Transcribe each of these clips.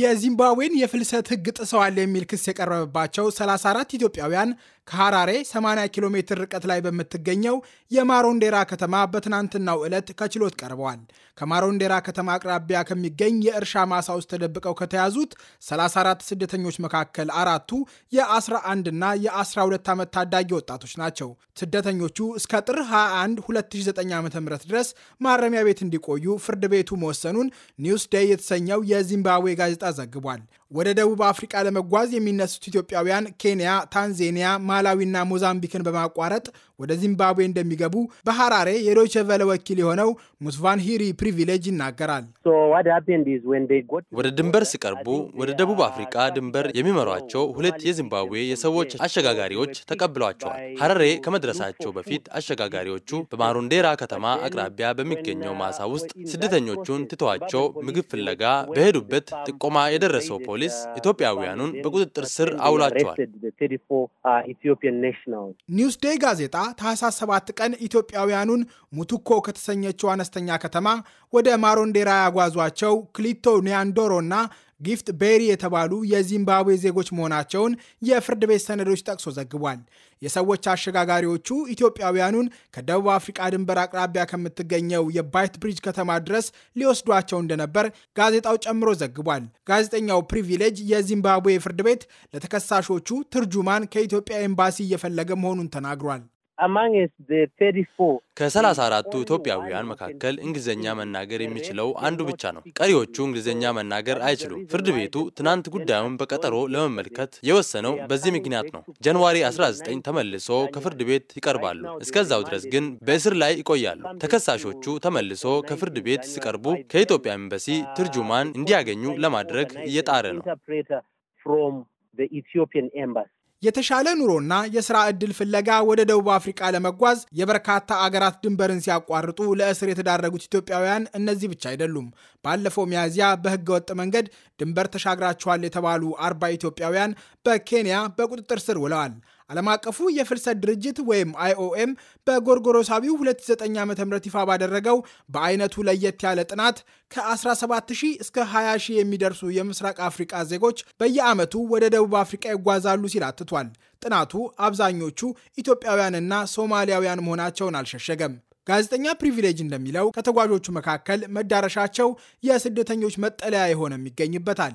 የዚምባብዌን የፍልሰት ሕግ ጥሰዋል የሚል ክስ የቀረበባቸው 34 ኢትዮጵያውያን ከሐራሬ 80 ኪሎ ሜትር ርቀት ላይ በምትገኘው የማሮንዴራ ከተማ በትናንትናው ዕለት ከችሎት ቀርበዋል። ከማሮንዴራ ከተማ አቅራቢያ ከሚገኝ የእርሻ ማሳ ውስጥ ተደብቀው ከተያዙት 34 ስደተኞች መካከል አራቱ የ11 እና የ12 ዓመት ታዳጊ ወጣቶች ናቸው። ስደተኞቹ እስከ ጥር 21 2009 ዓ ም ድረስ ማረሚያ ቤት እንዲቆዩ ፍርድ ቤቱ መወሰኑን ኒውስ ዴይ የተሰኘው የዚምባብዌ ጋዜ ጋዜጣ ዘግቧል። ወደ ደቡብ አፍሪቃ ለመጓዝ የሚነሱት ኢትዮጵያውያን ኬንያ፣ ታንዜኒያ፣ ማላዊና ሞዛምቢክን በማቋረጥ ወደ ዚምባብዌ እንደሚገቡ በሐራሬ የዶይቸ ቨለ ወኪል የሆነው ሙስቫን ሂሪ ፕሪቪሌጅ ይናገራል። ወደ ድንበር ሲቀርቡ ወደ ደቡብ አፍሪቃ ድንበር የሚመሯቸው ሁለት የዚምባብዌ የሰዎች አሸጋጋሪዎች ተቀብሏቸዋል። ሐራሬ ከመድረሳቸው በፊት አሸጋጋሪዎቹ በማሩንዴራ ከተማ አቅራቢያ በሚገኘው ማሳ ውስጥ ስደተኞቹን ትተዋቸው ምግብ ፍለጋ በሄዱበት ጥቆማ የደረሰው ፖ ፖሊስ ኢትዮጵያውያኑን በቁጥጥር uh, ስር አውላቸዋል። ኒውስዴይ uh, ጋዜጣ ታህሳስ 7 ቀን ኢትዮጵያውያኑን ሙቱኮ ከተሰኘችው አነስተኛ ከተማ ወደ ማሮንዴራ ያጓዟቸው ክሊቶ ኒያንዶሮ እና ጊፍት ቤሪ የተባሉ የዚምባብዌ ዜጎች መሆናቸውን የፍርድ ቤት ሰነዶች ጠቅሶ ዘግቧል። የሰዎች አሸጋጋሪዎቹ ኢትዮጵያውያኑን ከደቡብ አፍሪቃ ድንበር አቅራቢያ ከምትገኘው የባይት ብሪጅ ከተማ ድረስ ሊወስዷቸው እንደነበር ጋዜጣው ጨምሮ ዘግቧል። ጋዜጠኛው ፕሪቪሌጅ የዚምባብዌ ፍርድ ቤት ለተከሳሾቹ ትርጁማን ከኢትዮጵያ ኤምባሲ እየፈለገ መሆኑን ተናግሯል። ከሰላሳ አራቱ ኢትዮጵያውያን መካከል እንግሊዝኛ መናገር የሚችለው አንዱ ብቻ ነው። ቀሪዎቹ እንግሊዝኛ መናገር አይችሉም። ፍርድ ቤቱ ትናንት ጉዳዩን በቀጠሮ ለመመልከት የወሰነው በዚህ ምክንያት ነው። ጃንዋሪ 19 ተመልሶ ከፍርድ ቤት ይቀርባሉ። እስከዛው ድረስ ግን በእስር ላይ ይቆያሉ። ተከሳሾቹ ተመልሶ ከፍርድ ቤት ሲቀርቡ ከኢትዮጵያ ኤምባሲ ትርጁማን እንዲያገኙ ለማድረግ እየጣረ ነው። የተሻለ ኑሮና የስራ ዕድል ፍለጋ ወደ ደቡብ አፍሪቃ ለመጓዝ የበርካታ አገራት ድንበርን ሲያቋርጡ ለእስር የተዳረጉት ኢትዮጵያውያን እነዚህ ብቻ አይደሉም። ባለፈው ሚያዝያ በሕገ ወጥ መንገድ ድንበር ተሻግራቸኋል የተባሉ አርባ ኢትዮጵያውያን በኬንያ በቁጥጥር ስር ውለዋል። ዓለም አቀፉ የፍልሰት ድርጅት ወይም አይኦኤም በጎርጎሮሳቢው 29 ዓ ም ይፋ ባደረገው በአይነቱ ለየት ያለ ጥናት ከ17000 እስከ 20000 የሚደርሱ የምስራቅ አፍሪቃ ዜጎች በየዓመቱ ወደ ደቡብ አፍሪቃ ይጓዛሉ ሲል አትቷል። ጥናቱ አብዛኞቹ ኢትዮጵያውያንና ሶማሊያውያን መሆናቸውን አልሸሸገም። ጋዜጠኛ ፕሪቪሌጅ እንደሚለው ከተጓዦቹ መካከል መዳረሻቸው የስደተኞች መጠለያ የሆነም ይገኝበታል።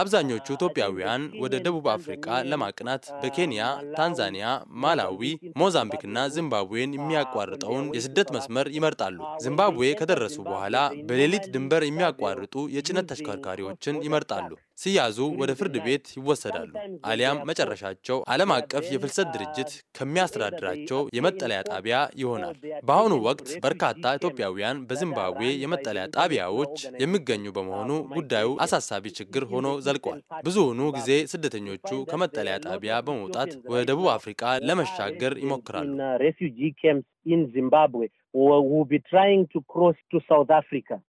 አብዛኞቹ uh, ኢትዮጵያውያን ወደ ደቡብ አፍሪካ ለማቅናት uh, በኬንያ፣ ታንዛኒያ፣ ማላዊ፣ uh, ሞዛምቢክና ዚምባብዌን የሚያቋርጠውን የስደት መስመር ይመርጣሉ። ዚምባብዌ ከደረሱ በኋላ በሌሊት ድንበር የሚያቋርጡ የጭነት ተሽከርካሪዎችን ይመርጣሉ። ሲያዙ ወደ ፍርድ ቤት ይወሰዳሉ አሊያም መጨረሻቸው ዓለም አቀፍ የፍልሰት ድርጅት ከሚያስተዳድራቸው የመጠለያ ጣቢያ ይሆናል። በአሁኑ ወቅት በርካታ ኢትዮጵያውያን በዚምባብዌ የመጠለያ ጣቢያዎች የሚገኙ በመሆኑ ጉዳዩ አሳሳቢ ችግር ሆኖ ዘልቋል። ብዙውኑ ጊዜ ስደተኞቹ ከመጠለያ ጣቢያ በመውጣት ወደ ደቡብ አፍሪካ ለመሻገር ይሞክራሉ።